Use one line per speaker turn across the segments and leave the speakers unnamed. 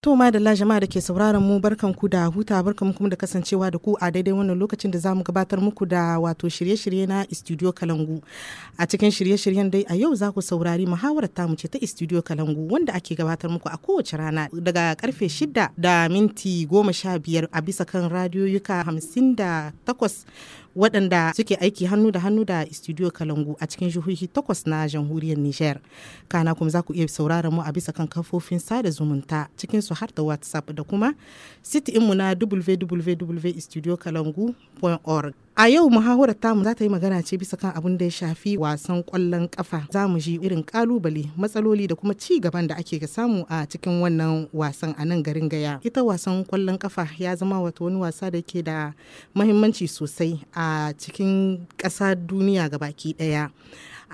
To da jama'a da ke sauraron mu barkan ku da huta barkan kuma da kasancewa da ku a daidai wannan lokacin da zamu gabatar muku da wato shirye-shirye na Studio Kalangu. A cikin shirye-shiryen dai a yau za ku saurari muhawarar tamu ce ta Studio Kalangu wanda ake gabatar muku a kowace rana daga karfe 6 da minti 15 a bisa kan radiyoyuka 58 waɗanda suke aiki hannu da hannu da studio kalangu a cikin jihohi takwas na jamhuriyar niger kana kuma za ku iya sauraron mu a bisa kan kafofin sada zumunta cikin su har da whatsapp da kuma siti mu na www.studiokalangu.org A yau muhawarar tamu za ta yi magana ce bisa kan abin da ya shafi wasan kwallon kafa. Za mu ji irin kalubale, matsaloli da kuma ci gaban da ake samu a cikin wannan wasan a nan garin Gaya. Ita wasan kwallon kafa ya zama wata wani wasa da ke da mahimmanci sosai a cikin ƙasa duniya ga baki ɗaya.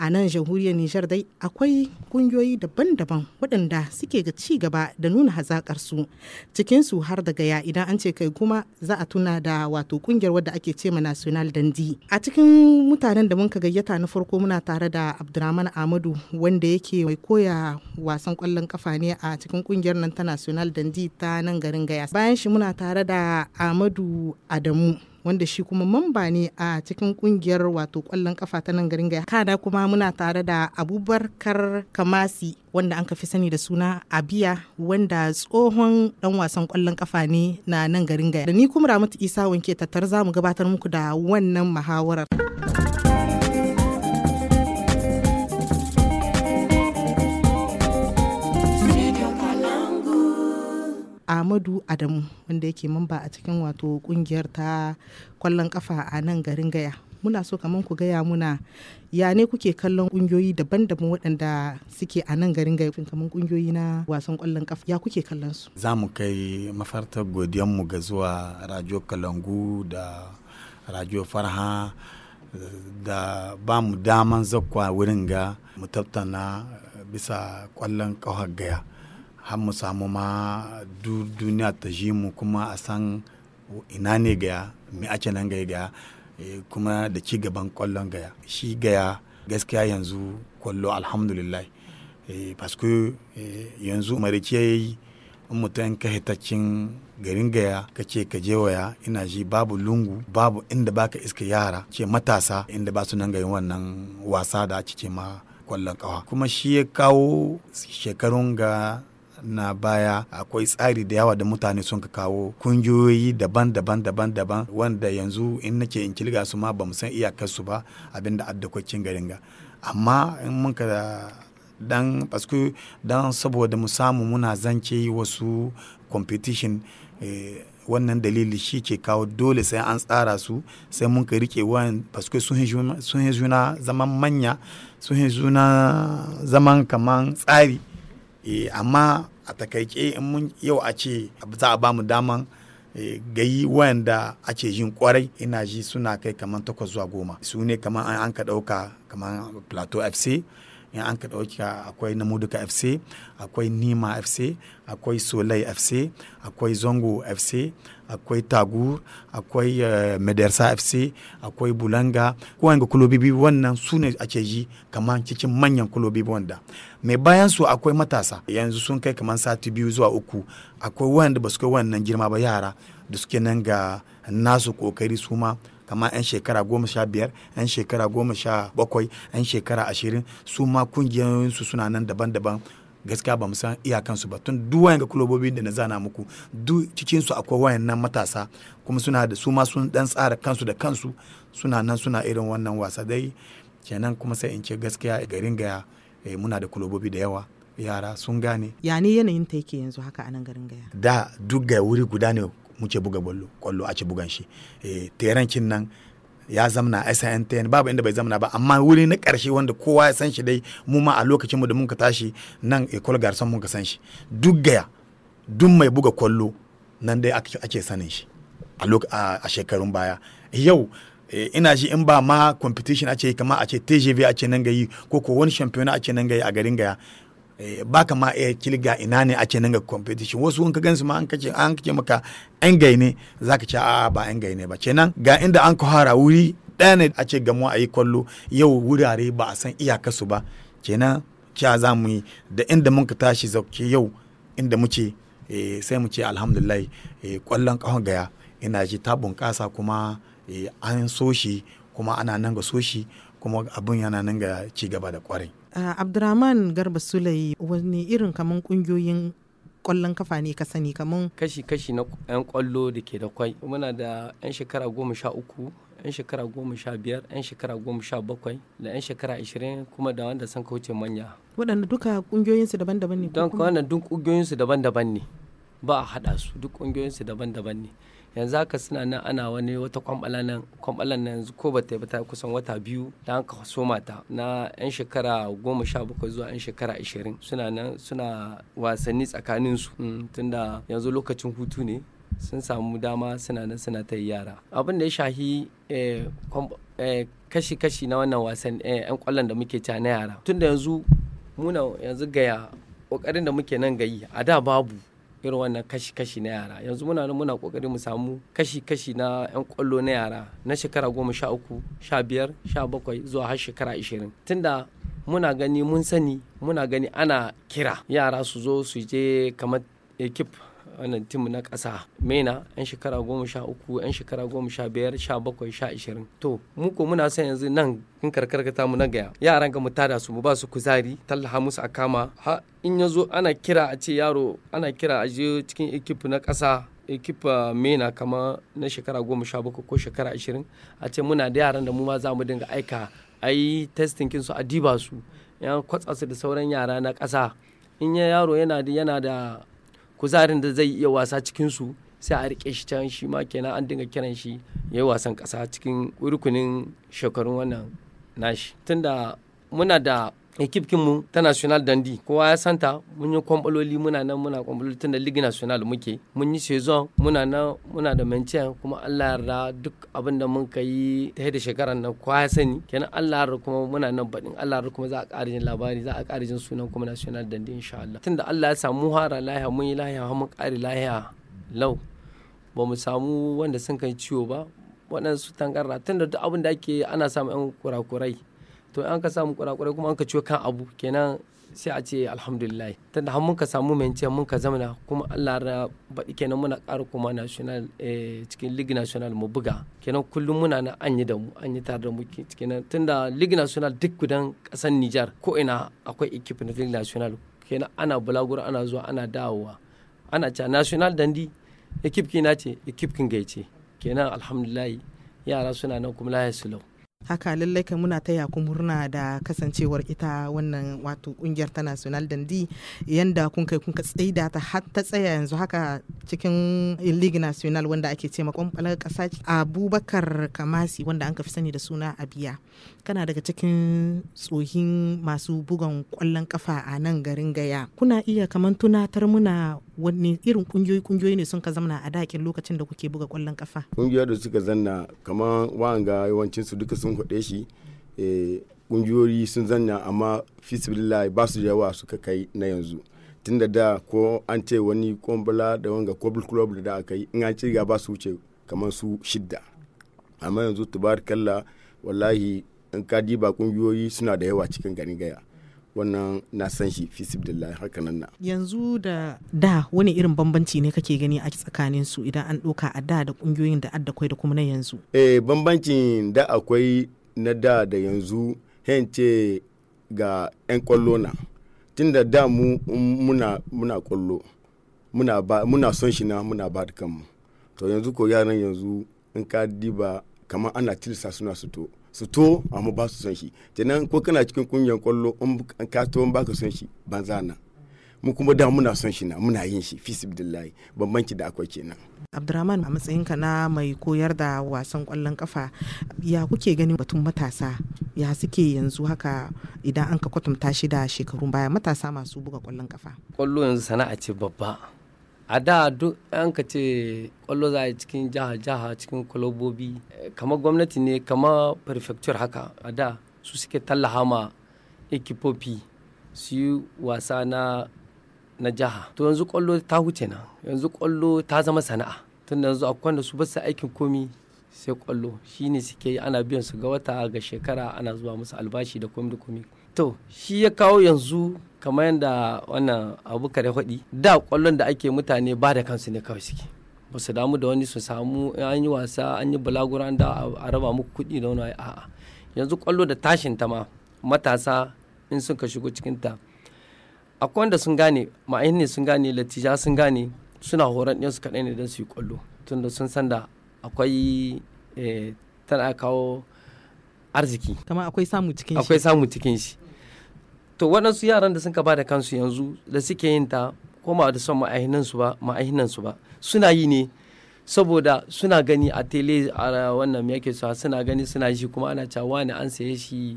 a nan jamhuriyar nijar dai akwai kungiyoyi daban-daban waɗanda suke ga ci gaba da nuna hazaƙarsu cikinsu har da gaya idan an ce kai kuma za a tuna da wato kungiyar wadda ake ce ma national dandi a cikin mutanen da muka gayyata na farko muna tare da abdulrahman amadu wanda yake mai koya wasan kwallon kafa ne a cikin kungiyar nan ta national dandi ta nan garin gaya bayan shi muna tare da amadu adamu wanda shi kuma mamba ne a cikin kungiyar wato kwallon kafa ta nan garin gaya kada kuma muna tare da abubakar kamasi wanda an fi sani da suna abiya wanda tsohon dan wasan kwallon kafa ne na nan garin gaya da ni kuma ramatu isa wanke tattar za mu gabatar muku da wannan muhawarar Amadu Adamu wanda yake mamba a cikin wato kungiyar ta kwallon kafa a nan garin Gaya. Muna so kamar ku gaya muna ya ne kuke kallon kungiyoyi daban-daban waɗanda suke a nan garin Gaya kamar kungiyoyi na wasan kwallon kafa ya kuke kallon su.
Za mu kai mafartar mu ga zuwa Radio Kalangu da Radio Farha da ba mu daman zakwa wurin ga mu tattauna bisa kwallon kafa gaya. har mu samu ma duniya ta shi mu kuma a san ina ne gaya me ake nan gaya gaya eh, kuma da ci gaban kwallon gaya shi gaya gaskiya yanzu kwallo alhamdulillah eh, paske eh, yanzu mariki ya yi mutum ka garin gaya ka ce ka je waya ina ji babu lungu babu inda baka iska yara ce matasa inda ba su nan gayin wannan wasa da ake ce ma kwallon kawa kuma shi ya kawo shekarun ga na baya akwai tsari da yawa da mutane sun ka kawo kungiyoyi daban-daban daban-daban wanda yanzu in nake in kilga su ma ba mu san iyakarsu ba abinda addakokin garin ga amma in mun ka dan basku dan saboda mu samu muna zance wasu competition eh, wannan dalili shi ke kawo dole sai an tsara su sai mun ka rike wayan basku sun zuna zaman manya sun zuna zaman kaman tsari Eh, amma a takaice in mun yau a ce za a bamu daman eh, gayi wayanda ake yin kwarai ina ji suna kai kamar takwas zuwa goma su ne kamar an ka ɗauka kamar plateau fc in an ka ɗauka akwai namuduka fc akwai nima fc akwai solai fc akwai zongo fc akwai tagur akwai eh, medersa fc akwai bulanga kowane biyu wannan su ne ake yi kamar cikin manyan kulobibi wanda mai bayan su akwai matasa yanzu sun kai kamar sati biyu zuwa uku akwai wanda ba su kai wannan girma ba yara da suke nan ga nasu kokari su ma kama 'yan shekara goma sha biyar 'yan shekara goma sha bakwai 'yan shekara ashirin su ma kungiyoyinsu suna nan daban-daban gaskiya ba san iyakansu ba tun duk wayan ga kulobobi da na zana muku duk cikin su akwai wayan nan matasa kuma suna da su ma sun dan tsara kansu da kansu suna nan suna irin wannan wasa dai kenan kuma sai in ce gaskiya garin gaya eh, muna da kulobobi da yawa yara sun gane
ya ne yanayin ta yake yanzu haka a nan garin gaya
da duk ga wuri guda ne muke buga kwallo a ake bugan shi eh, terancin nan ya zamna SNTN babu inda bai zamna ba amma wuri na karshe wanda kowa ya san shi dai mu ma a lokacin mu da mun ka tashi nan Ecole Garçon mun ka san shi duk gaya duk mai buga kwallo nan dai ake sanin shi a shekarun baya yau eh, ina ji in ba ma competition a ce kama a ce tgv a ce nan gayi ko ko wani champion a ce nan gayi a garin gaya Eh, baka ma iya kilga ina ne ake nan ga competition wasu wanka gansu ma an kace an kace maka yan gaine zaka ce a ba yan gaine ba kenan ga inda an kohara wuri ɗaya ne a ce gamo a yi kwallo yau wurare ba a san iyakarsu ba kenan cewa za mu yi da inda muka tashi zauke yau inda muke eh, sai mu ce alhamdulillah eh, kwallon kahon gaya ina ji ta bunƙasa kuma an so shi kuma ana nan ga so kuma abin yana nan ga ci gaba da kwarai
Uh, Abdurrahman Garba Sulai wani irin kamar kungiyoyin kwallon kafa ne ka sani kamar
kashi-kashi na 'yan kwallo da ke da kwai muna da 'yan shekara goma sha uku 'yan shekara goma sha biyar 'yan shekara goma sha bakwai da 'yan shekara ashirin kuma da wanda sun kauce manya
waɗanda duka kungiyoyinsu daban-daban
ne don wannan duk kungiyoyinsu daban-daban ne ba a haɗa su duk kungiyoyinsu daban-daban ne yanzu haka suna nan ana wani wata kwamɓala nan yanzu ko ba ta ta kusan wata biyu da an kaso mata na yan shekara goma sha bakwai zuwa yan shekara ashirin suna nan suna wasanni tsakanin su mm, tunda yanzu lokacin hutu ne sun samu dama suna nan suna ta yara abin da ya shahi eh, kashi-kashi eh, na wannan wasan eh, yan kwallon da muke ta na yara tunda yanzu muna yanzu gaya kokarin da muke nan gayi a da babu irin wannan kashi-kashi na yara yanzu muna nan muna kokari mu samu kashi-kashi na yan kwallo na yara na shekara goma sha uku sha biyar sha bakwai zuwa har shekara ashirin tunda muna gani mun sani muna gani ana kira yara su zo su je kamar ekip wannan tim na ƙasa mena yan shekara goma sha uku yan shekara goma sha biyar sha bakwai sha ashirin to mu ko muna son yanzu nan in karkar mu na gaya yaran ga mu tada su mu ba su kuzari tallaha musu a kama ha in ya zo ana kira a ce yaro ana kira a je cikin ekip na ƙasa ekipa ah, mena kama na shekara goma sha bakwai ko shekara ashirin a ce muna da yaran da mu ma za mu dinga aika a yi testin su a diba su yan kwatsa su da sauran yara na ƙasa in ya yaro yana da kuzarin da zai iya wasa cikin su sai a rike shi can shi ma kenan an dinga kiran shi yayi wasan kasa cikin rukunin shekarun wannan nashi tunda muna da ekip mu ta national dandi kowa ya santa mun yi kwambaloli muna nan muna kwambaloli tun da ligue national muke mun yi saison muna nan muna da mancen kuma allah yarda duk abin da mun ka yi ta da shekarar nan kowa ya sani kenan allah yarda kuma muna nan baɗin allah yarda kuma za a ƙara jin labari za a ƙara jin sunan kuma national dandi insha allah tun da allah ya samu hara lahiya mun yi lahiya mun ƙare lahiya lau ba mu samu wanda sun kai ciwo ba waɗansu tangarra tun da duk abin da ake ana samun 'yan kurakurai to an ka samu kurakurai kuma an ka ciwo kan abu kenan sai a ce alhamdulillah tunda mun ka samu mance mun ka zamana kuma Allah ya baɗi kenan muna ƙara kuma national eh, cikin league national mu buga kenan kullum muna na an yi da mu an yi tare da mu tun tunda league national duk gudan ƙasar Nijar ko ina akwai equipe na league national kenan ana bulaguro ana zuwa ana dawowa ana ca national dandi equipe kina ce equipe kin gaice kenan alhamdulillah yara suna nan kuma lahiya sulau haka lallai kai muna
taya ku murna da kasancewar ita wannan wato kungiyar ta national dandi yanda kun kai kun ka tsaida ta har ta tsaya yanzu haka cikin league national wanda ake ce ma kwamfalar kasa abubakar kamasi wanda an fi sani da suna abiya kana daga cikin tsohin masu bugan kwallon kafa a nan garin gaya kuna iya kaman tunatar muna wanne irin kungiyoyi kungiyoyi ne sun ka zamana a dakin lokacin da kuke buga kwallon kafa
kungiyoyi da suka zanna kamar wa'anga yawancin su duka sun hude shi eh, kungiyoyi sun zanna amma fisibilai ba su yawa suka kai na yanzu tun da da ko an ce wani kwambala da wanga kobul club da da aka yi in an ci ba su wuce kamar su shidda amma yanzu tubar kalla wallahi in ka diba kungiyoyi suna da yawa cikin ganin gaya wannan na san shi fi sibdillahi haka nan
na yanzu da da wani irin bambanci ne kake gani a tsakanin su idan an ɗauka a da da ƙungiyoyin da adda da kuma na yanzu
eh bambancin da akwai na da da yanzu hence ga 'yan kwallo na tunda da mu um, muna muna kwallo muna ba muna son shi na muna ba da kanmu to yanzu ko yaran yanzu in ka diba kamar ana tilisa suna su to su to amma ba su son shi kenan ko kana cikin kungiyar kwallo in ka to in baka son shi banza nan mu kuma da muna son shi na muna yin shi fi sibidillahi bambanci da akwai kenan
abdurrahman a matsayinka na mai koyar da wasan kwallon kafa ya kuke ganin batun matasa ya suke yanzu haka idan an ka kwatanta shi da shekarun baya matasa masu buga kwallon kafa
kwallo yanzu sana'a ce babba a da duk an ka ce kwallo za a cikin jaha jaha cikin kwalobobi Kama gwamnati ne kama prefecture haka a da su suke tallaha ma ekipopi su yi wasa na na jaha to yanzu kwallo ta huce na yanzu kwallo ta zama sana'a tun yanzu akwai da su basu aikin komi sai kwallo shi ne suke yi ana biyan su ga wata ga shekara ana zuwa musu albashi da komi da komi to shi ya kawo yanzu kamar yadda wannan abu kare hudi da kwallon da ake mutane ba da kansu ne kawai suke ba su damu da wani su samu an yi wasa an yi balagura da a raba muku kuɗi da wani a'a yanzu kwallo da tashin ta ma matasa in sun ka shigo cikin ta akwai wanda sun gane ma'ayin ne sun gane latija sun gane suna horon ɗin su kaɗai ne don su yi kwallo tunda sun san da akwai eh, tana kawo arziki kamar akwai samu cikin shi akwai samu cikin shi to waɗansu yaran da suka ba da kansu yanzu da suke yin ta koma da son ma'ahinansu ba ba suna yi ne saboda suna gani a tele a wannan yake sa suna gani suna shi kuma ana cewa ne an saye shi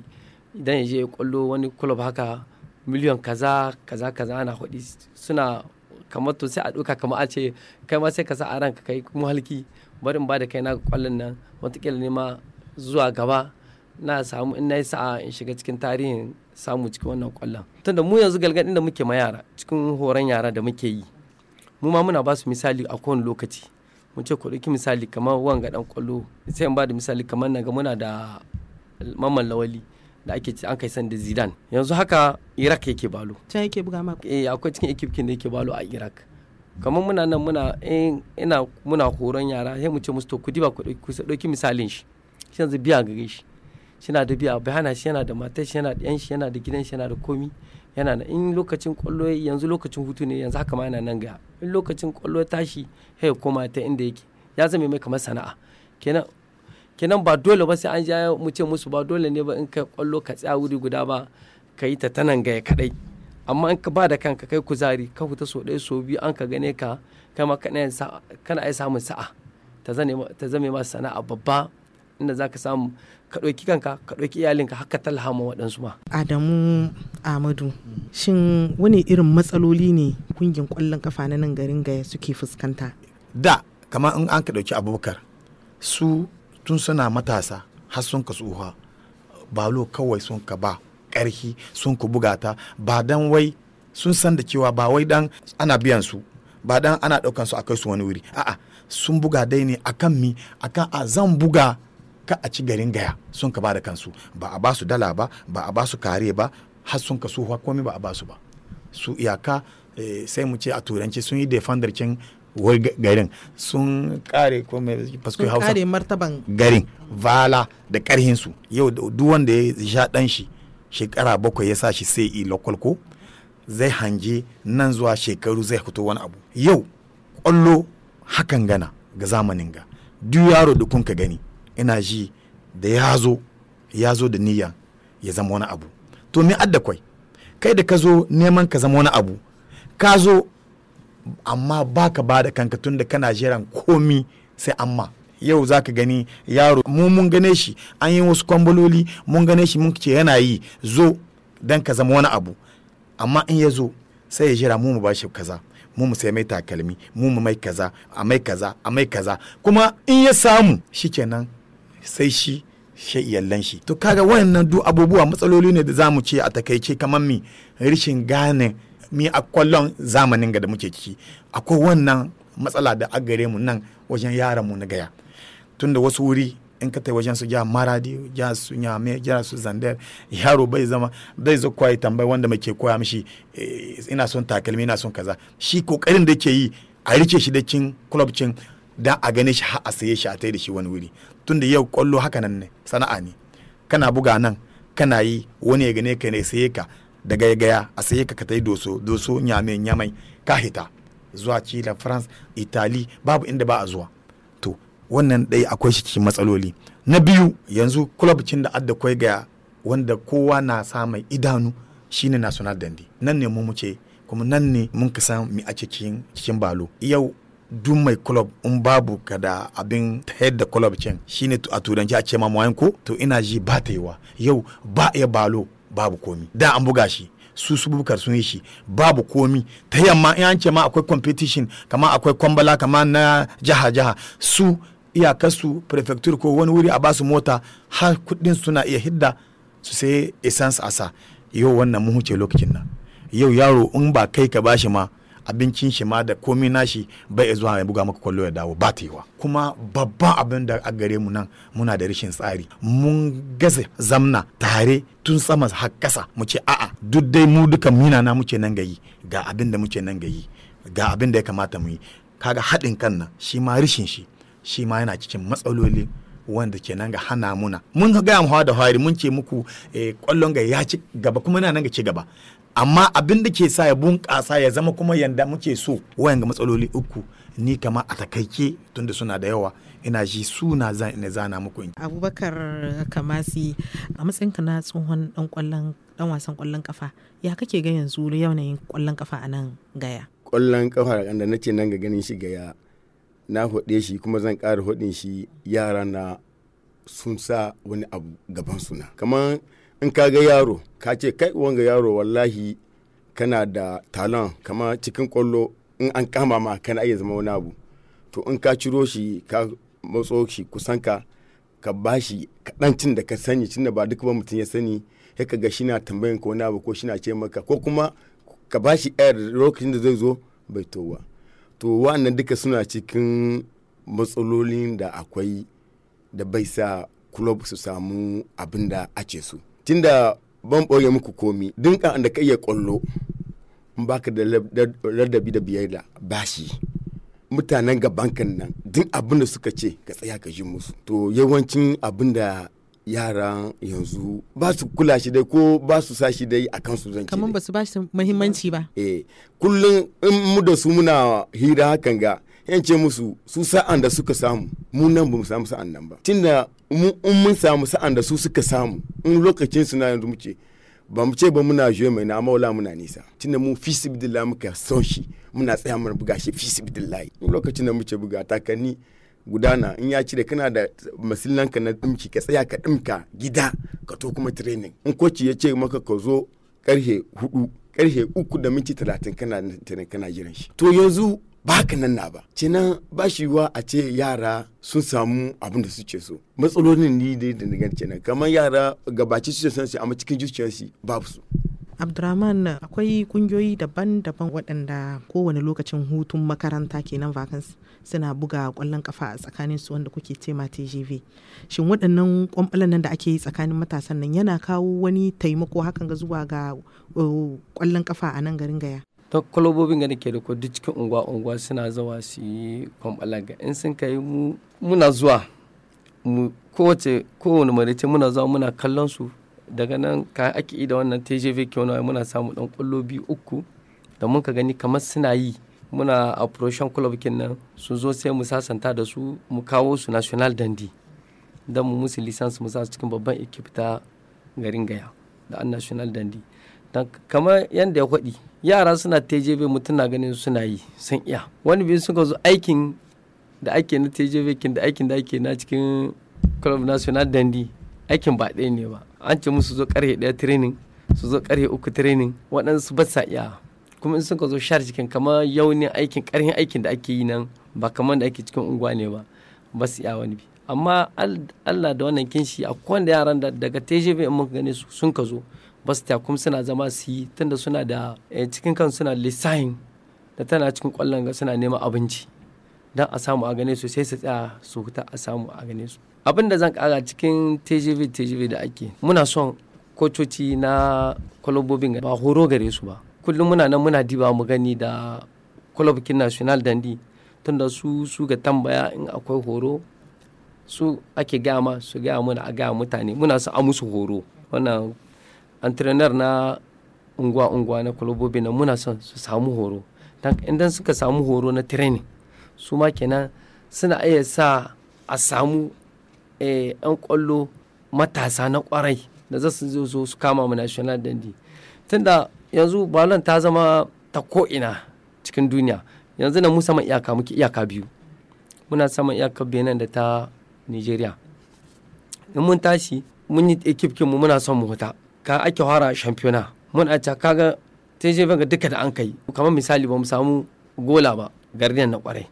idan ya je ya kwallo wani club haka miliyan kaza kaza kaza ana hudi suna kamar to sai a ɗauka kamar a ce kai ma sai ka sa a ranka kai muhalki bari in ba da kai na kwallon nan watakila ne ma zuwa gaba na samu in na yi sa'a in shiga cikin tarihin samu cikin wannan kwallon tunda mu yanzu galgadin da muke ma yara cikin horon yara da muke yi mu ma muna ba su misali a kowane lokaci mu ce ku ɗauki misali kamar wan ga dan kwallo sai in ba da misali kamar na ga muna da mamman lawali da ake an kai san da zidan yanzu haka iraq yake balo can yake buga ma eh akwai cikin ekipkin da yake balo a iraq kamar muna nan muna eh, ina muna horon yara sai mu ce musu to ku diba ku ɗauki misalin shi shi yanzu biya gare shi shina da biya bai hana shi yana da matar shi yana da yan shi yana da gidan shi yana da komi yana da in lokacin kwallo yanzu lokacin hutu ne yanzu haka ma yana nan ga in lokacin kwallo tashi ya koma ta inda yake ya zama mai kamar sana'a kenan kenan ba dole ba sai an ja mu ce musu ba dole ne ba in kai kwallo ka tsaya wuri guda ba ka yi ta tanan gaya kadai amma in ka ba da kanka kai kuzari ka fita so ɗaya so biyu an ka gane ka kai ma kana ai samun sa'a ta zame ma sana'a babba inda zaka samu ka ɗauki kanka ka ɗauki iyalinka haka talha ma waɗansu ma.
Adamu Amadu shin wani irin matsaloli ne kungin ƙwallon kafa na nan garin gaya suke fuskanta?
Da kamar in an ka ɗauki abubakar su tun suna matasa har sun ka tsuha balo kawai sun ka ba ƙarfi sun ka buga ta ba dan wai sun san da cewa ba wai dan ana biyan su ba dan ana ɗaukan su a kai su wani wuri a'a sun buga dai ne akan mi akan a zan buga ka a ci garin gaya sun ka ba da kansu ba a ba su dala ba ba a ba su kare ba har sun ka suhuwa komai ba a ba su ba su iyaka eh, sai mu ce a turanci sun yi defender kin wai garin sun kare komai hausa kare martaban garin vala da karhin su yau duk wanda ya sha dan shi shekara bakwai ya sa shi sai i lokal ko zai hanje nan zuwa shekaru zai fito wani abu yau kwallo hakan gana ga zamanin ga duk yaro da kun ka gani ina ji da ya zo ya zo da niyya ya zama wani abu to me adda kwai kai da ka zo neman ka zama wani abu ka zo amma ba ka ba da kanka tun da kana jiran komi sai amma yau za ka gani yaro mu mun gane shi an yi wasu kwambaloli mun gane shi mun ce yana yi zo don ka zama wani abu amma in ya zo sai ya jira mu mu bashi kaza mu mu sai mai takalmi mu mu mai kaza a mai kaza a mai kaza kuma in ya samu shi shikenan sai shi shi iyallan shi to kaga wayannan duk abubuwa matsaloli ne da zamu ce a takaice kamar mi rishin gane mi a kwallon zamanin ga da muke ciki akwai wannan matsala da a gare mu nan wajen yaran mu na gaya tunda wasu wuri in ka tai wajen su ja maradi ja su nyame ja su zandar yaro bai zama bai zo kwaye tambayi wanda muke koya mishi eh, ina son takalmi ina son kaza shi kokarin da ke yi a rike shi da cin club cin dan a gane shi a saye shi a tai da shi wani wuri tunda yau kwallo haka nan ne sana'a ne kana buga nan kana yi wani ya gane ka ne saye ka da gaya-gaya a saye ka ka tai doso doso nyame nyamai ka hita zuwa cila france itali babu inda ba a zuwa to wannan dai akwai shi cikin matsaloli na biyu yanzu cin da adda kwai ga wanda kowa na sa mai idanu shine national dandi nan ne mu muce kuma nan ne mun ka san mi a cikin cikin balo yau duk mai club in babu ka abin head da club cin shine a turanci a ce ma ko to ina ji ba ta yiwa yau ba ya balo babu komi da an buga shi su su bukar sun yi shi babu komi ta yamma in an ce ma akwai competition kama akwai kwambala kama na jaha jaha su iyakarsu prefecture ko wani wuri a basu mota har kudin suna iya hidda su sai essence a sa yau wannan mun huce lokacin nan yau yaro in ba kai ka bashi ma abincin shi ma da komi nashi bai zuwa mai buga maka kwallo ya dawo ba ta kuma babban abin da a gare mu nan muna da rashin tsari mun gaza zamna tare tun sama har kasa mu ce a'a duk dai mu duka mina na muke nan gayi ga abin da muke nan gayi ga abin da ya kamata mu yi kaga haɗin kan nan shi ma rishin shi shi ma yana cikin matsaloli wanda ke nan ga hana muna mun ga mu da hari mun ce muku eh, kwallon ga ya ci gaba kuma yana nan ga ci gaba amma abin da ke sa ya bunƙasa ya zama kuma yanda muke so wayan ga matsaloli uku ni kama a takaike tunda suna da yawa ina ji suna zan ina zana muku
abubakar kamasi a matsayinka na tsohon dan kwallon dan wasan kwallon kafa ya kake ga yanzu yanayin kwallon kafa a nan gaya
kwallon kafa da nace nan ga ganin shi gaya na hode shi kuma zan ƙara hodin shi yara na sun sa wani abu gaban suna kamar in ka ga yaro ka ce kai wanga yaro wallahi kana da talon kama cikin kwallo in an kama ma kana iya zama wani abu to in ka ciro shi ka matso shi kusan ka ka bashi cin da ka sani cin da ba duk ba mutum ya sani ya ka ga shi na tambayin ko wani abu ko shi na ce maka ko kuma ka bashi yar lokacin da zai zo bai ba to wa'annan duka suna cikin matsalolin da akwai da bai sa kulob su samu abin da ake su. tunda ban ɓoye muku komi dinka da ka iya kwallo in ka da ladabi da biyayya bashi mutanen kan nan duk abin da suka ce ka tsaya ka ji musu to yawancin abin da yaran yanzu ba su kula shi dai ko ba su sa shi dai a kansu zan kamar ba su ba shi muhimmanci ba eh kullum in mu da su muna hira hakan ga yan ce musu su sa'an da suka samu mu nan ba mu samu sa'an nan ba tunda in mun samu sa'an da su suka samu in lokacin suna yanzu mu ce ba mu ce ba muna juye mai na maula muna nisa tunda mu fi sibidillah muka son shi muna tsaya mana buga shi fi in lokacin da muke buga takanni gudana in ya cire kana da ka na dimki ka tsaya ka dimka gida ka to kuma training in koci ya ce maka ka zo karhe hudu karhe uku da minti talatin kana kana jiran shi to yanzu ba haka nan na ba cinan ba shi wa a ce yara sun samu abin da suke so matsalolin ni dai da daga cinan kamar yara gabaci su son su amma cikin zuciyarsu babu su
abdurrahman akwai kungiyoyi daban-daban waɗanda kowane lokacin hutun makaranta kenan vacancy suna buga ƙwallon kafa a tsakanin su wanda kuke tema tgv shin waɗannan ƙwamɓalan nan da ake yi tsakanin matasan nan yana kawo wani taimako hakan ga zuwa ga uh, ƙwallon kafa a nan garin gaya
ta kwalobobin gani ke da ko duk cikin unguwa unguwa suna zawa su yi kwamɓalaga in sun kai mu muna zuwa kowace kowane marice muna zuwa muna kallon su daga nan ka ake da wannan tjv kyona muna samu dan kwallo biyu uku da mun ka gani kamar suna yi muna a proshon club nan sun zo sai mu sasanta da su mu kawo su national dandi don mu musu lisansu mu sa cikin babban ekip ta garin gaya da an national dandi kamar yadda ya kwaɗi yara suna tjv mutum na ganin suna yi sun iya wani biyu suka zo aikin da ake na tjv kin da aikin da ake na cikin club national dandi aikin ba ɗaya ne ba an ce musu zo karhe ɗaya training su zo karhe uku training waɗansu ba sa iya kuma in suka zo shar cikin kamar ne aikin karhin aikin da ake yi nan ba kamar da ake cikin unguwa ne ba ba su iya wani bi amma allah da wannan kinshi a kowanne yaran da daga tjv in muka gane su sun ka zo ba su kuma suna zama su yi tunda suna da eh, cikin kan suna lissahin da tana cikin kwallon ga suna neman abinci don a samu a gane su sai su tsaya su huta a samu a gane su abin da zan kara cikin tgv tgv da ake muna son kococi na kwalobobin ba horo gare su ba kullum muna nan muna diba mu gani da kwalobokin national dandi tunda su su ga tambaya in akwai horo su ake gama su gaya muna a gaya mutane muna su a musu horo wannan antrenar na unguwa-unguwa na kulubobi na muna son su samu horo idan suka samu horo na training su ma kenan suna iya sa a samu eh, 'yan kwallo matasa na kwarai da za su zo su kama mu national dandi tunda yanzu balon ta zama ta ko'ina cikin duniya yanzu na mu sama iyaka muke iyaka biyu muna sama iyakar benin da ta nigeria mun tashi mun yi ekipkin mu muna son mu huta ka ake fara shampiyona mun a ga ta je duka da an kai kamar misali ba mu samu gola ba gardiyan na kwarai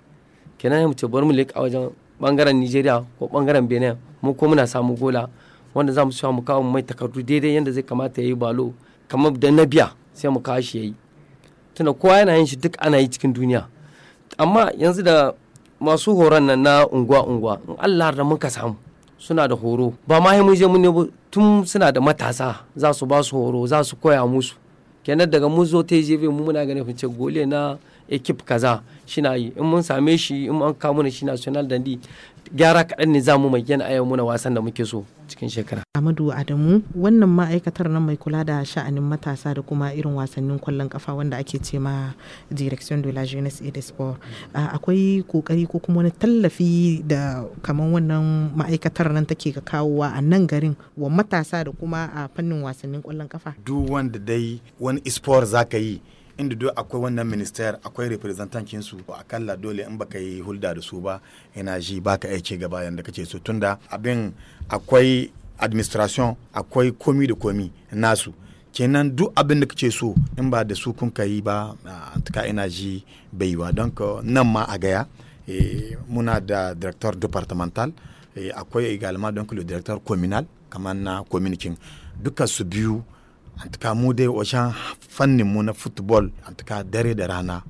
kenan mu ce bari mu leka wajen bangaren Nigeria ko bangaren Benin mu ko muna samu gola wanda za mu sha mu kawo mai takardu daidai yadda zai kamata ya yi balo kamar da na biya sai mu kawo shi ya yi tunda kowa yana yin shi duk ana yi cikin duniya amma yanzu da masu horon nan na unguwa unguwa in Allah da muka samu suna da horo ba ma mun je mun ba tun suna da matasa za su ba su horo za su koya musu kenan daga mun zo ta yi mu muna ganin fice gole na ekip kaza shina yi in mun same shi in an kawo mana shi national dandi gyara kaɗan ne za mu mai yana aya muna wasan da muke so cikin shekara.
Amadu Adamu wannan ma'aikatar nan mai kula da sha'anin matasa da kuma irin wasannin kwallon kafa wanda ake ce ma Direction de la Jeunesse et des Sports akwai kokari ko kuma wani tallafi da kamar wannan ma'aikatar nan take ga kawowa a nan garin wa matasa da kuma a fannin wasannin kwallon kafa.
Duk wanda dai wani sport zaka yi inda duk akwai wannan minister akwai representantin su akalla dole in baka yi hulda da su ba ina ji baka aike gaba yanda kace so tunda abin akwai administration akwai komi da komi nasu kenan duk abin da kace so in ba da su kun yi ba ka ina ji baiwa don nan ma a gaya e, muna da director departamental e, akwai également donc le directeur communal kamar na communicating duka su biyu antuka mu dai wajen fannin mu na football antuka dare da rana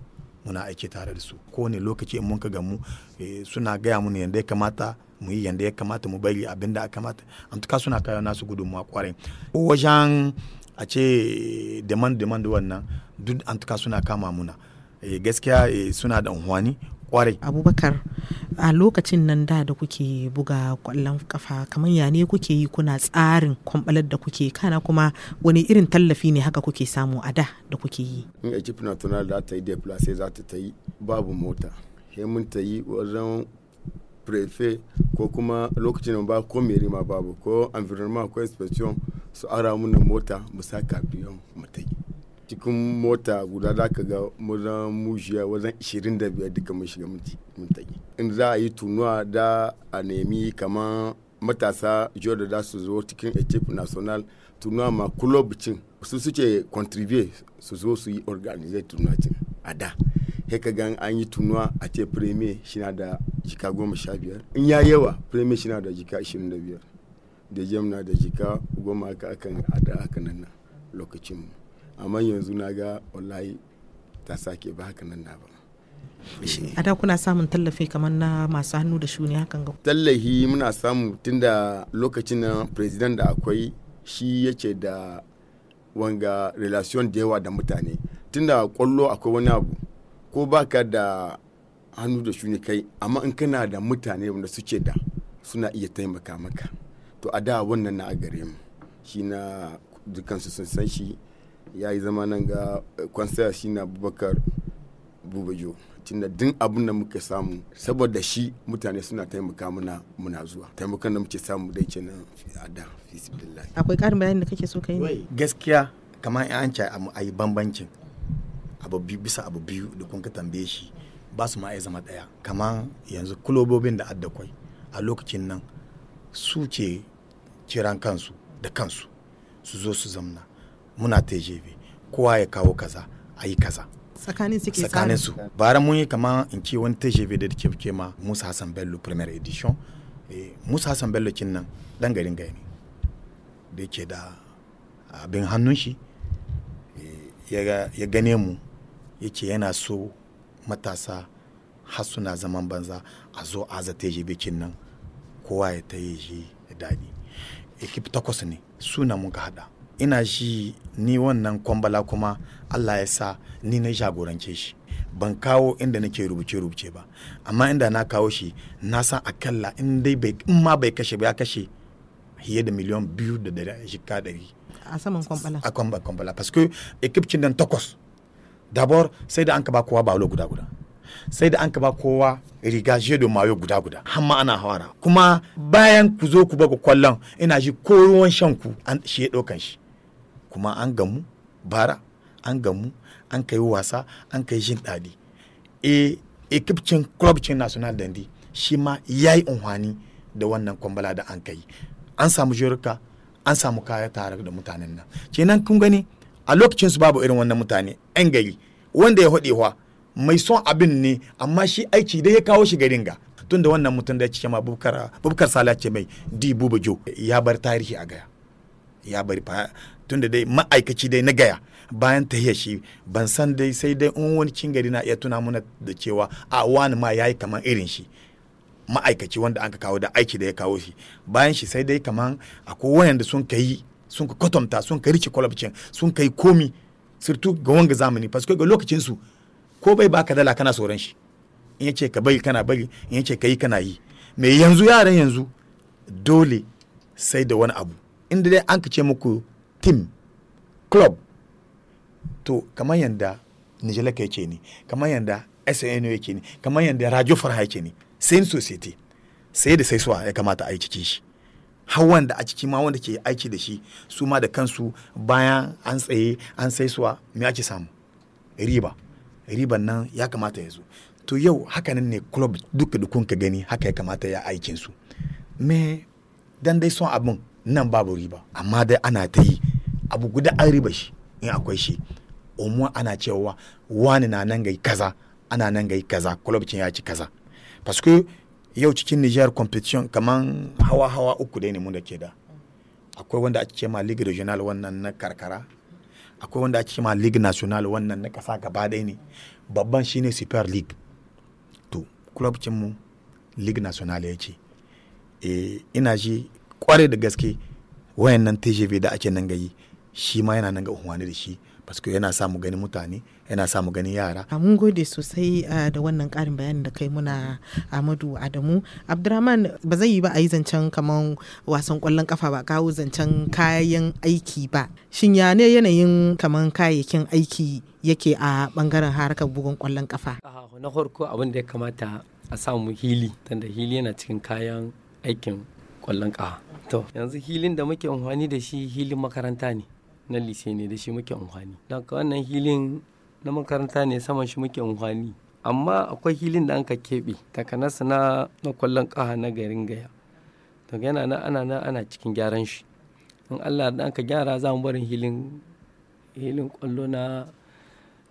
muna aiki tare da su kowane lokaci in mun ka gamu eh, suna gaya mu yadda ya kamata mu yi yadda ya kamata mu bari abin da kamata antuka suna kawo nasu gudunmuwa kwarai wajen a ce demand demand wannan duk antuka suna kama muna eh, gaskiya eh, suna da unhuwani kwarai abubakar
a lokacin nan da da kuke buga kwallon kafa kamar ya ne kuke yi kuna tsarin kwambalar da kuke kana kuma wani irin tallafi ne haka kuke samu a da da kuke yi
in egypt na tunar da ta yi da place za ta yi babu mota sai mun ta yi wajen prefe ko kuma lokacin ba ko meri ma babu ko environment ko inspection su ara mun mota mu sa kafiyon mu ta yi cikin mota guda za ka ga mazan mujiya wajen 25 duka mun shiga mun tafi in za a yi tunuwa da a nemi kamar matasa jiyar da su zo cikin equipe national tunuwa ma club cin su suke contribute su zo su yi organize tunuwa cin a da heka gan an yi tunuwa a ce premier shina da jika goma sha biyar in ya yawa premier shina da jika ashirin da biyar da jam na da jika goma aka akan a da aka nan lokacin mu amma yanzu na ga wallahi ta sake ba haka nan na ba a
da kuna samun tallafi kamar na masu hannu da shuni hakan ga
tallafi muna samu tunda lokacin na president da akwai shi yake da wanga relation da yawa da mutane tunda kwallo akwai wani abu ko baka da hannu da shuni kai amma in kana da mutane wanda suke da suna iya taimaka maka to a da wannan na a gare mu shi na dukansu sun san shi ya yi zama nan ga eh, kwansaya shi na abubakar bubajo tunda din abin da muka samu saboda shi mutane suna taimaka
muna muna zuwa taimakon da muke samu dai nan a da fisibillah
akwai karin bayani da kake so ka yi
gaskiya kamar an ce a yi bambancin abu bisa abu biyu da kun ka tambaye shi ba su ma zama daya kamar yanzu kulobobin da addakwai a lokacin nan su ce kiran kansu da kansu su zo su zamna muna tgv kowa ya kawo kaza a yi kaza
tsakanin su
bara mun yi kama in ce wani tgv da ke ke ma musa hassan bello premier edition eh, musa hassan bello kin nan dan garin gaya ne da yake da abin hannun shi eh, ya gane mu yake yana so matasa har na zaman banza a zo aza tgv kin nan kowa ya ta yi shi daɗi ekip takwas ne suna mun ka hada ina shi ni wannan kwambala kuma allah ya sa ni na jagorance shi ban kawo inda nake rubuce-rubuce ba amma inda na kawo shi na san akalla in dai bai in ma bai kashe ba ya kashe fiye da miliyan biyu da dari shika dari a saman kwambala a kwambala parce que ekipcin nan takwas dabor sai da an ka ba kowa balo guda guda sai da an ka ba kowa riga da mayo guda guda har ma ana hawara kuma bayan ku zo ku ku kwallon ina ji ko ruwan shan ku an shi ya ɗaukan shi kuma an gamu bara an gamu an kai wasa an kai jin daɗi e ekipcin clubcin national dandi shi ma ya yi unhwani da wannan kwambala da an kai an samu jirka an samu kaya tare da mutanen nan kenan kun gani a lokacin su babu irin wannan mutane yan gari wanda ya haɗewa mai son abin ne amma shi aiki dai ya kawo shi garin ga tunda wannan mutum da ya cike ma bubkar salace mai di buba jo ya bar tarihi a gaya ya bari fa tunda dai ma'aikaci dai na gaya bayan ta shi ban san dai sai dai in wani cin gari na iya tuna mana da cewa a wani ma ya yi kamar irin shi ma'aikaci wanda an ka kawo da aiki da ya kawo shi bayan shi sai dai kamar akwai wayanda sun kai sun ka kwatanta sun ka rike kwalabcin sun kai komi surtu ga wanga zamani paske ga lokacin su ko bai baka dala kana tsoron shi in yace ka bari kana bari in yace ka yi kana yi me yanzu yaran yanzu dole sai da wani abu inda dai an kace muku team club to kamar yanda nijalaka yake ne kamar yanda snu yake ne kamar yanda radio farha yake ne same society sai da sai suwa ya kamata a yi cikin shi hawan da a ciki ma wanda ke aiki da shi su ma da kansu bayan an tsaye an sai suwa me ake samu riba riban nan ya kamata ya zo to yau haka nan ne club duka dukun ka gani haka ya kamata ya aikin su me dan dai son abin nan babu riba amma dai ana ta yi abu guda an riba shi in akwai shi umuwa ana cewa wani na nan gai kaza ana nan gai kaza kulabcin ya ci kaza paske yau cikin niger competition kaman hawa hawa uku dai ne mun da ke da akwai wanda cikin ma league regional wannan na karkara akwai wanda cikin ma league national wannan na kasa gaba ɗaya ne babban shine super league to club mu league national ya ce eh, ina ji kwarai da gaske wayannan TGV da ake nan gayi shi ma yana nan ga unwani da shi basko yana sa mu gani mutane yana sa mu gani yara
mun gode sosai da wannan karin bayanin da kai muna amadu adamu abdurrahman ba zai yi ba a yi zancen kamar wasan kwallon kafa ba kawo zancen kayan aiki ba shin ya ne yanayin kamar kayayyakin aiki yake a bangaren harkar bugun kwallon kafa
na farko abin da ya kamata a samu hili tunda hili yana cikin kayan aikin kwallon ƙawa. to yanzu hilin da muke amfani da shi hilin makaranta ne na lise ne da shi muke amfani don wannan hilin na makaranta ne saman shi muke amfani amma akwai hilin da an ka keɓe takanasa na na kwallon ƙawa na garin gaya to yana nan ana nan ana cikin gyaran shi in allah da an gyara za mu barin hilin hilin kwallo na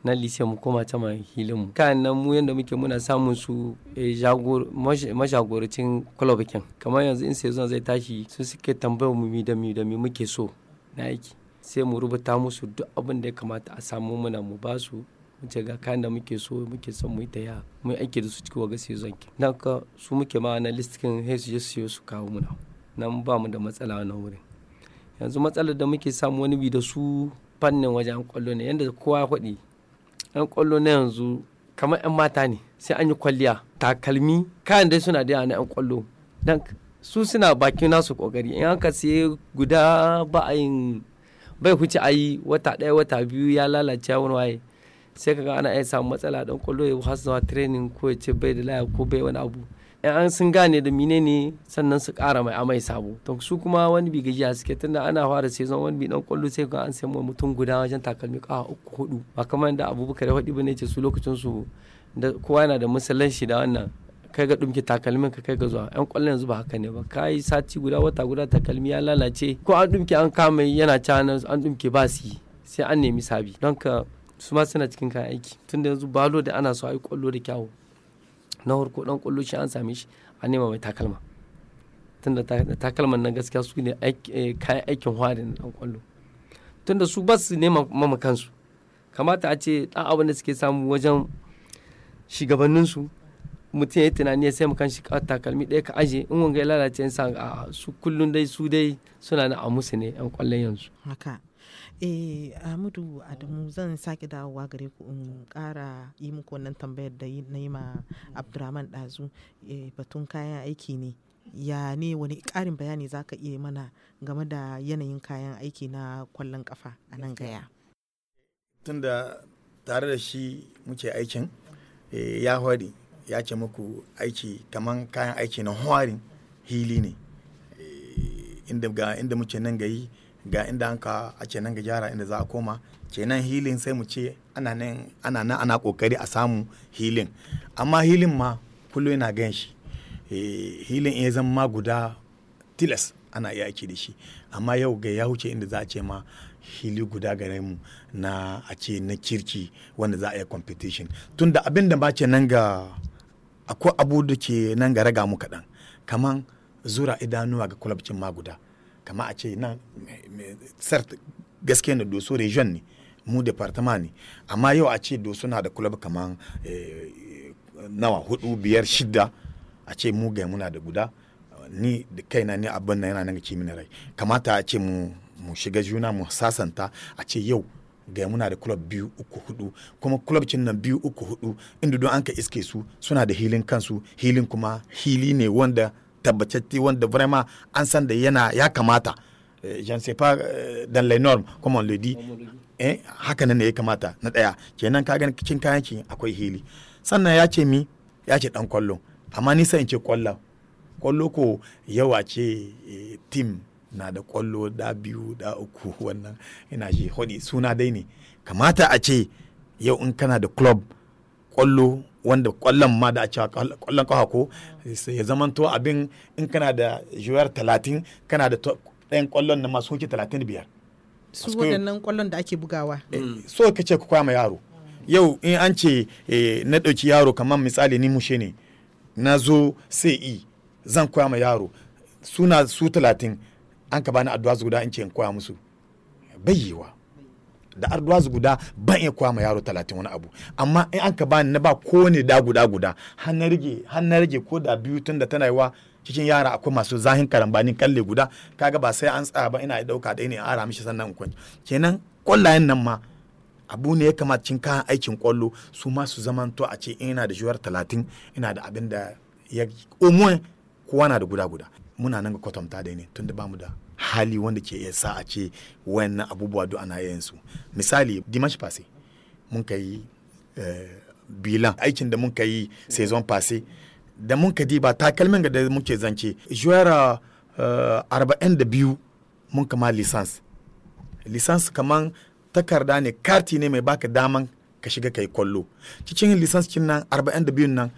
na lise mu koma ta hilin mu kan nan mu yanda muke muna samun su eh, mashagorcin club kin kamar yanzu in season zai tashi su suke tambayar mu mi da mi da mi muke so na aiki sai mu rubuta musu duk abin da ya kamata a samu muna mu ba su mu ce ga kayan da muke so muke son mu yi ta ya mu aiki da su cikin waga season kin na ka su muke ma na list kin sai su je su su kawo muna nan ba mu da matsala na wurin yanzu matsalar da muke samu wani bi da su fannin wajen kwallo ne yanda kowa ya faɗi 'yan kwallo na yanzu kamar 'yan mata ne sai an yi kwalliya takalmi kayan dai suna da na 'yan kwallo don su suna bakin nasu kokari in aka sai guda ba a yin bai huce a yi wata ɗaya wata biyu ya lalace wani waye sai kaga ana iya samun matsala ɗan kwallo ya hasa training ko ya ce bai da laya ko bai wani abu an sun gane da mine ne sannan su kara mai amai sabo to su kuma wani bi gajiya suke tunda ana fara sezon wani bi dan kwallo sai ga an sai mutum guda wajen takalmi ka uku hudu ba kamar da abubakar ya faɗi bane ce su lokacin su da kowa yana da musallan shi da wannan kai ga dumke takalmin ka kai ga zuwa yan kwallon yanzu ba haka ne ba kai sati guda wata guda takalmi ya lalace ko an dumke an kama yana cana an dumke ba su sai an nemi sabi don ka su ma suna cikin kayan aiki tunda yanzu balo da ana so a yi kwallo da kyawu na farko dan kullu shi an same shi an nema mai takalma tunda takalman nan gaskiya su ne eh, kayan aikin hwarin dan kullu tunda su ba su nema mama kansu kamata a ce dan abin da suke samu wajen su mutum ya yi tunani ya sai mu kanshi takalmi ɗaya ka aje in wanga ya lalace in sa su kullun dai su dai suna na a musu ne yan kwallon yanzu
eh Ahmadu Adamu zan sake dawowa gare ku in kara yi muku wannan tambayar da na yi ma Abdurrahman ɗazu eh, batun kayan aiki ne. Ya ne wani ƙarin bayani za ka iya mana game da yanayin kayan aiki na kwallon kafa a nan gaya?
Tunda tare da shi muke aikin eh, ya hori ya ce muku aiki kamar kayan aiki na hori hili ne eh, inda muke nan gayi ga inda hanka a kenan ga gyara inda za a koma kenan healing sai mu ce ana nan ana kokari a samu healing amma healing ma kullum yana gan shi healing eh, ya zama guda tilas ana iya aiki da shi amma yau ga ya huce inda za a ce ma hili guda gare mu na a ce na kirki wanda za a yi competition tunda abin da ba ce nan ga akwai abu da ke nan ga raga mu kaɗan kaman zura idanuwa ga kulabcin ma guda kama a ce nan cert gaske na doso region ne mu departement ne amma yau a ce doso na da club kaman eh, nawa hudu biyar shida a ce mu ga muna da guda ni da kaina ni abin nan yana nan ci mini rai kamata a ce mu mu shiga juna mu sasanta a ce yau gai muna da club biyu uku hudu kuma club cin nan biyu uku hudu inda don an ka iske su suna da hilin kansu hilin kuma hili ne wanda tabbacacce wanda vraiment an san da yana ya kamata eh, je ne sais pas eh, dans les normes comme on le dit eh haka nan ne ya kamata na daya kenan ka gani cikin kayan ki akwai hili sannan ya ce mi ya ce dan kwallo amma ni in ce kwallo kwallo ko yawa ce eh, team na da kwallo da biyu da uku wannan ina shi hodi suna dai ne kamata a ce yau in kana da club kwallo wanda kwallon ma da a cewa kwallon kafa ko ya zamanto abin in kana da juyar talatin kana da ɗayan kwallon na masu hoki talatin biyar
su waɗannan kwallon da ake bugawa
eh, so ka ce ku kwama yaro yau in an ce eh, na ɗauki yaro kamar misali ni mushe ne na zo sai i zan kwama yaro suna su talatin an ka bani addu'a guda in ce in koya musu bayyewa da arduwas guda ban iya kwama yaro talatin wani abu amma in an ka bani na ba ko ne da guda guda har rage ko da biyu tun da tana yiwa cikin yara akwai masu zahin karambanin kalle guda kaga ba sai an tsaya ba ina dauka da ina in ara mishi sannan kun kenan kwallayen nan ma abu ne ya kamata cin kayan aikin kwallo su ma su zamanto a ce ina da juwar talatin ina da abin da ya omo kowa na da guda guda muna nan ga kwatanta da ne tun da bamu da hali wanda ke iya sa a ce wannan abubuwa duk ana yin su misali dimashi fase mun kai bilan eh, aikin da mun kai saison fase da mun ka diba takalmin da muke zance juwara eh, arba'in da biyu mun kama lisans lisans kaman takarda ne karti ne mai baka daman ka shiga kai kwallo cikin lisans kin nan arba'in da biyun nan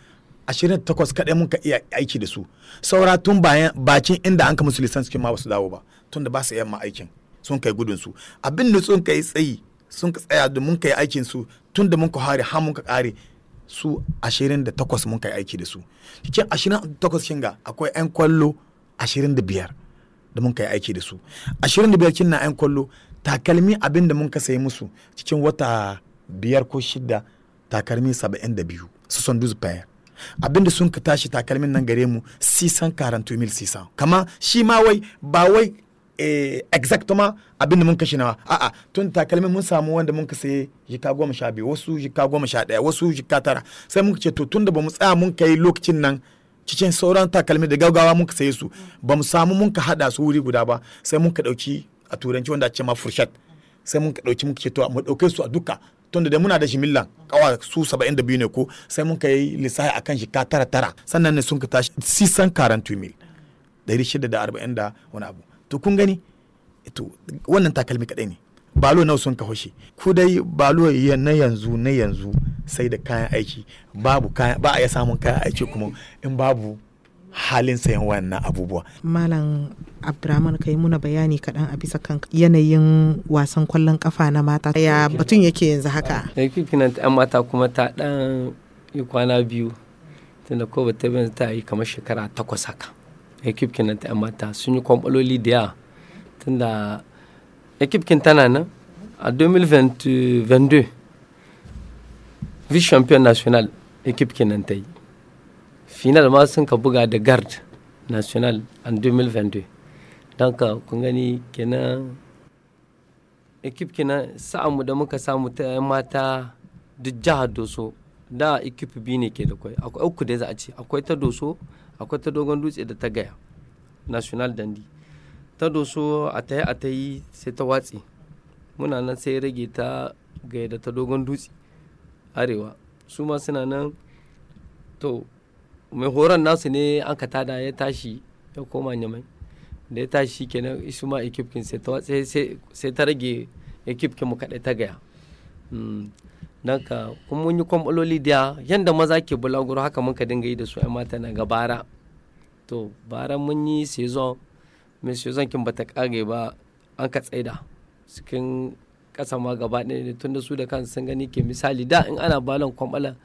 28 kaɗai mun ka iya aiki da su saura tun bayan bakin inda an ka musu lisan suke ma ba su dawo ba tun da ba su yamma aikin sun kai gudun su abin da sun kai tsayi sun ka tsaya da mun kai aikin su tun da mun ka hare har mun ka kare su 28 mun kai aiki da su cikin 28 ga akwai 'yan kwallo 25 da mun kai aiki da su 25 kin na 'yan kwallo takalmi abin da mun ka sayi musu cikin wata biyar ko shida takalmi 72 su son duzu fayar abinda sun ka tashi takalmin nan gare mu 642,600 kama shi ma wai ba wai eh, exactement abin da mun kashe nawa a'a tun takalmin mun samu wanda mun saye jika goma sha biyu wasu jika goma sha ɗaya wasu jika tara sai mun ce to tun da ba mu tsaya mun kai lokacin nan cikin sauran takalmi da gaugawa mun saye su ba mu samu mun ka haɗa su wuri guda ba sai mun ka ɗauki a turanci wanda a ce ma furshat sai mun ka ɗauki mun ka ce to mu dauke su a duka tunda da muna da shi millan kawa su 72 ne ko sai mun kai lissafi kan shi ka tara tara sannan ne sun ka tashi 640 mil 640 da wani abu to kun gani to wannan takalmi kadai ne balo nawa sun kawo shi ku dai balo na yanzu na yanzu sai da kayan aiki babu kayan ba a iya samun kayan aiki kuma in babu halin sayan wannan
abubuwa.
Malam Abdurrahman kai muna bayani kaɗan a bisa kan yanayin wasan kwallon kafa na mata. Ya batun yake yanzu haka.
Da eh, kikinan ta mata kuma ta ɗan yi kwana biyu tunda ko ba ta ta yi kamar shekara takwas haka. fi eh, kinan ta mata sun yi kwamfaloli da yawa tunda ekip eh, kin tana nan a 2022 vice champion national ekip kinan ta yi. final ma sun ka buga da guard national in 2022 don ka kun gani kenan ekip kenan sa'amu da muka samu ta mata duk jihar doso da ekip biyu ne ke da kwai akwai uku da za a ce akwai ta doso akwai ta dogon dutse da ta gaya national dandi ta doso a ta yi a ta yi sai ta watse muna nan sai rage ta gaya da ta dogon dutse arewa su ma suna nan to mai horon nasu ne an ka tada ya tashi ya koma nyamai da ya tashi kenan isu ma ekipkin sai ta rage ekipkin mu kaɗai ta gaya hmm. don ka kuma mun yi kwamfaloli da yadda maza ke bulaguro haka mun ka dinga yi da su ya mata na bara to bara mun yi sezon mai sezon kin bata kare ba an ka tsaida sukin kasa ma gaba ɗaya tun da su da kansu sun gani ke misali da in ana balon kwamfala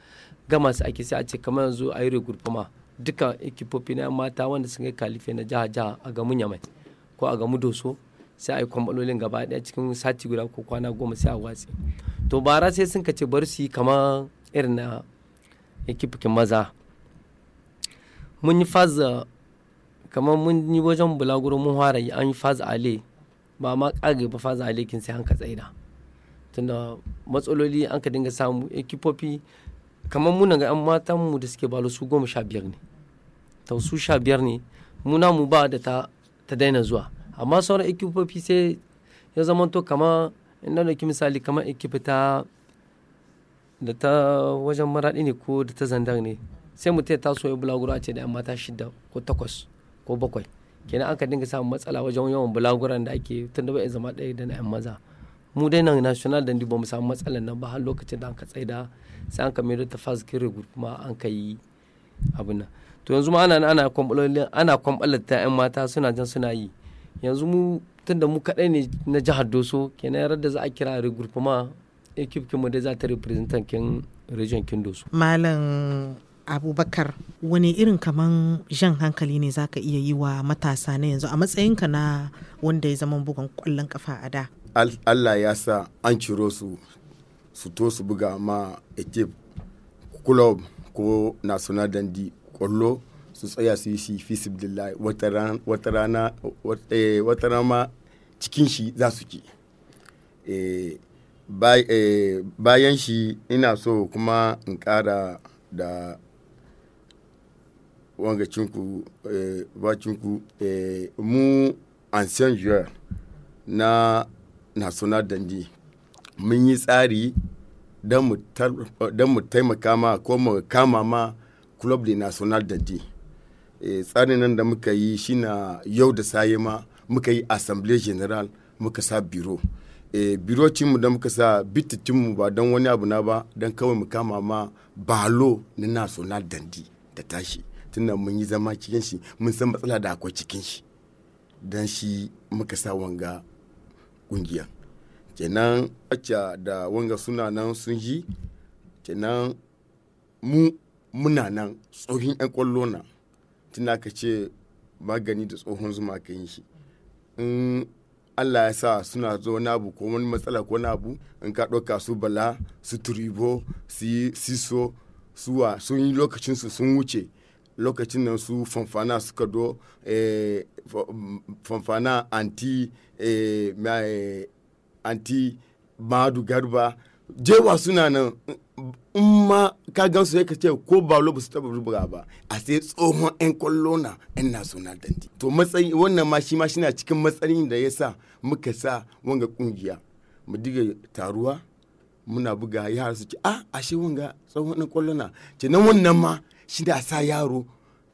gama su ake sai a ce kamar yanzu a yi regroupement duka ekipofi na mata wanda sun kai kalife na jiha jiha a gamu nyamai ko a gamu doso sai a yi kwambalolin gaba daya cikin sati guda ko kwana goma sai a watsi to bara sai sun kace bar su yi kamar irin na ekipikin maza mun yi faza kamar mun yi wajen bulaguro mun fara yi an yi faza ale ba ma kage ba faza ale kin sai an ka tsaida tunda matsaloli an ka dinga samu ekipofi kamar muna ga 'yan matanmu da suke balo su goma sha biyar ne to su sha biyar ne muna mu ba da ta daina zuwa amma sauran ekipofi sai ya zama to kama inda da misali kamar ekipa ta da ta wajen maraɗi ne ko da ta zandar ne sai mu ta so ya bulaguro a ce da 'yan mata shida ko takwas ko bakwai kenan aka dinga samun matsala wajen yawan bulaguran da ake tun da bai zama ɗaya da na 'yan maza mu dai nan national da ba mu samu matsalan nan ba har lokacin da aka tsaida sai an kamar ta fasa kin kuma an ka yi nan to yanzu ma ana ana kwamɓalolin ana yan mata suna jan suna yi yanzu mu tun da mu kaɗai ne na jihar doso kenan yarar da za a kira regroupement ekip kinmu da za ta representan kin region kin doso
malam abubakar wani irin kaman jan hankali ne za ka iya yi wa matasa na yanzu a matsayinka na wanda ya zama bugan kwallon kafa a da
allah ya sa an ciro su su to su buga ma ekip club ko national dandi kwallo su tsaya su yi shi fisibillahi wata rana eh, cikin shi za su ki eh, eh, bayan shi ina so kuma in kara da wangacinku bacinku mu ancien joueur na national dandi mun yi tsari don mu taimaka ma ko mu kama ma club de national da di tsarin nan da muka yi shi na yau da saye ma muka yi assemblée general muka sa biro eh, biro mu da muka sa mu ba don wani abu na ba don kawai mu kama ma balo na national dandi da tashi tunda mun yi zama cikin shi mun san matsala da akwai cikin shi don shi muka sa wanga ƙungiyar kenan aka da wanga suna nan sun yi kenan mu muna nan tsohin 'yan kwallo na tuna ka ce magani da tsohon zuma kan yi shi in allah ya sa suna zo na abu ko wani matsala ko wani abu in ka ɗauka su bala su turibo su siso suwa sun yi lokacinsu sun wuce lokacin nan su fanfana suka do eh, fanfana anti eh, eh, anti madu garba jewa suna nan in ma ka gan su ka ce ko ba ba su taba rubuga ba a sai tsohon yan kwallo na yan national dandi to matsayi wannan ma shi ma shi na cikin matsayin da ya sa muka sa wanga kungiya mu diga taruwa muna buga yara su ce a ashe wanga tsohon yan kwallo na ce nan wannan ma shi da sa yaro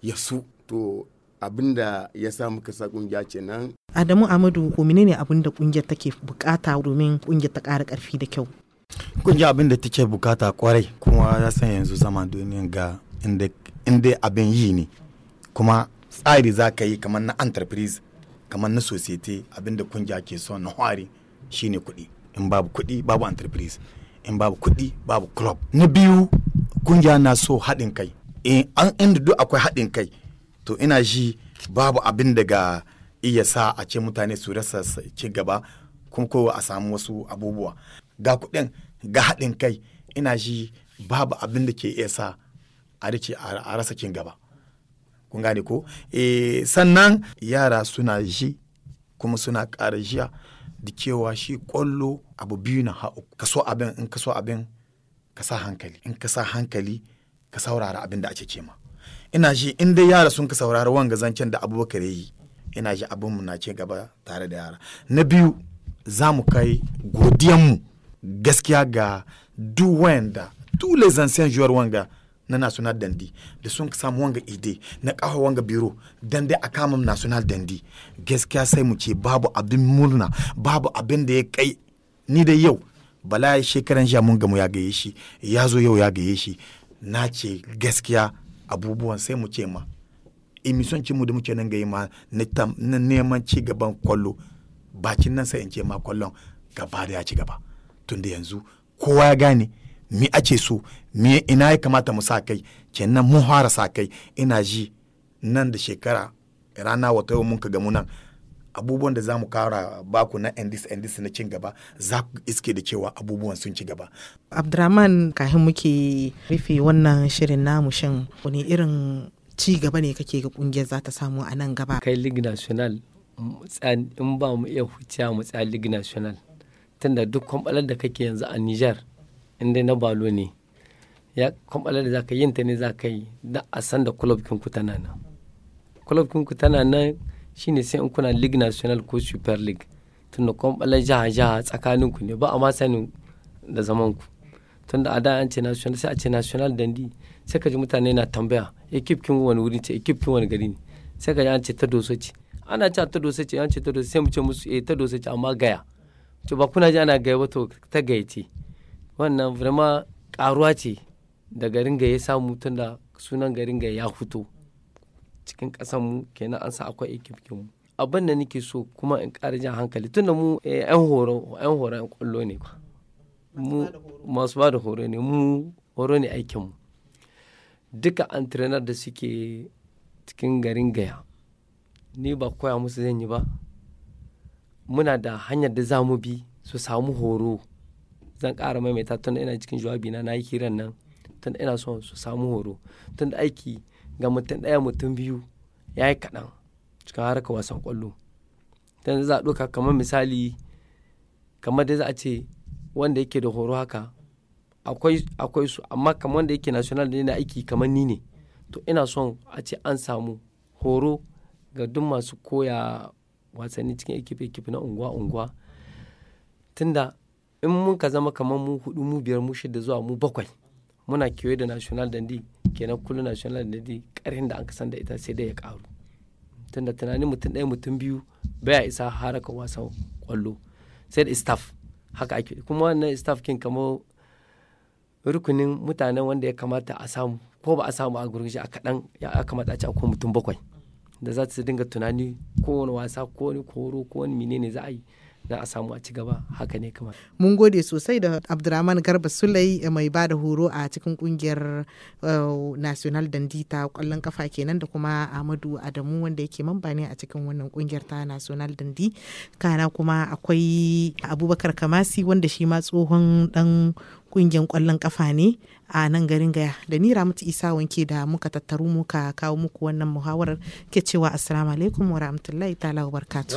ya su to abinda ya sa muka sa kungiya kenan
Adamu Amadu ko menene abin da kungiyar take bukata domin kungiyar ta ƙara ƙarfi da kyau?
Kungiyar abin da take bukata kwarai kuma ya san yanzu zama duniyar ga inda abin yi ne kuma tsari za ka yi kamar na enterprise kamar na society abin da kungiya ke son na hwari shine kuɗi in babu kuɗi babu enterprise in babu kuɗi babu club na biyu kungiya na so haɗin kai in eh, an inda duk akwai haɗin kai to ina shi babu abin daga iya sa a ce mutane su rasa ci gaba kuma ko a samu wasu abubuwa ga kuɗin ga haɗin kai ina shi babu abin da ke iya sa a dace a rasa cin gaba kun gane ko eh, sannan yara suna ji kuma suna ƙara jiya da cewa shi ƙwallo abu biyu na ha ka so abin in ka abin ka hankali in ka hankali ka saurara abin da ake ce ma ina shi in dai yara sun ka saurara wanga zancen da abubakar yi ina ji abinmu na ci gaba tare da yara na biyu za mu kai godiyanmu gaskiya ga duk wanda tous les anciens joueurs wanga na national dandi da sun samu wanga ide na kawo wanga biro dan dai a kama national dandi gaskiya sai mu ce babu abin murna babu abin da ya kai ni da yau bala shekaran sha mun gamu ya gaye shi ya zo yau ya gaye shi na ce gaskiya abubuwan sai mu ce ma emission mu da ci na ga ma na neman ci gaban kwallo bakin nan sai ma kwallon gaba da ya ci gaba tunda yanzu kowa ya gane mi ake so mi ina ya kamata mu sa kai kenan mun fara sa kai ina ji nan da shekara rana wata yau mun ka gamu nan abubuwan da za mu kara baku na endis endis na cin gaba za ku iske da cewa abubuwan sun ci gaba.
abdulrahman kahin muke rufe wannan shirin namu shin wani irin ci gaba ne kake ga kungiyar za ta samu a nan
gaba kai lig national in ba mu iya huciya mu tsaya lig national tunda duk kwambalar da kake yanzu a niger inda na balo ne ya kwambalar da za ka yin ta ne za ka yi da a san da club ku tana nan club ku tana nan shine sai in kuna lig national ko super league tunda kwambalar jaha jaha tsakaninku ne ba a ma sanin da zamanku tunda a da an ce national sai a ce national dandi sai ka ji mutane na tambaya ekip kin wani wuri ce ekip kin wani gari ne sai ka ji an ce ta doso ce ana ce ta doso ce an ce ta doso sai mu ce musu eh ta doso ce amma gaya to ba kuna ji ana gaya ba to ta gaya ce wannan vraiment karuwa ce da garin gaya samu tunda sunan garin gaya ya fito cikin mu kenan an sa akwai ekip kin mu abin da nake so kuma in ƙara jan hankali tunda mu eh, 'yan horo 'yan kwallo ne ba mu masu ba da horo ne mu horo ne aikinmu duka entrenar da suke cikin garin gaya ni ba koya musu zan yi ba muna da hanyar da za mu bi su samu horo zan ƙara maimaita tun ina cikin jawabi na na yi kiran nan tun ina son su samu horo tun da aiki ga mutum ɗaya mutum biyu ya yi kaɗan cikin wasa wasan ƙwallo tun za a ɗauka kamar misali kamar da za a ce wanda yake da horo haka akwai su amma kamar wanda yake national ne na aiki kamar ni ne to ina son a ce an samu horo ga duk masu koya wasanni cikin ekipe ekipe na unguwa unguwa tunda in mun ka zama kamar mu hudu mu biyar mu shida zuwa mu bakwai muna kewaye da national dandi kenan kullu national dandi karin da an kasan da ita sai dai ya karu tunda tunanin mutum ɗaya mutum biyu baya isa haraka wasan kwallo sai da staff haka ake kuma wannan staff kin kamar rukunin mutanen wanda ya kamata a samu ko ba a samu a gurguje a kaɗan ya kamata a ci akwai mutum bakwai da za su dinga tunani kowane wasa ko wani koro ko wani menene za a yi za a samu a ci gaba haka ne kamar.
Mun gode sosai da Abdurrahman Garba Sulai eh, mai ba da horo a cikin kungiyar eh, National Dandita kwallon kafa kenan da kuma Ahmadu Adamu wanda yake mamba ne a cikin wannan kungiyar ta National Dandi. Kana kuma akwai Abubakar Kamasi wanda shi ma tsohon dan kungiyar kwallon kafa ne a nan garin gaya da ni ramatu isa wanke da muka tattaru muka kawo muku wannan muhawarar ke cewa assalamu alaikum wa rahmatullahi ta'ala wa barkatu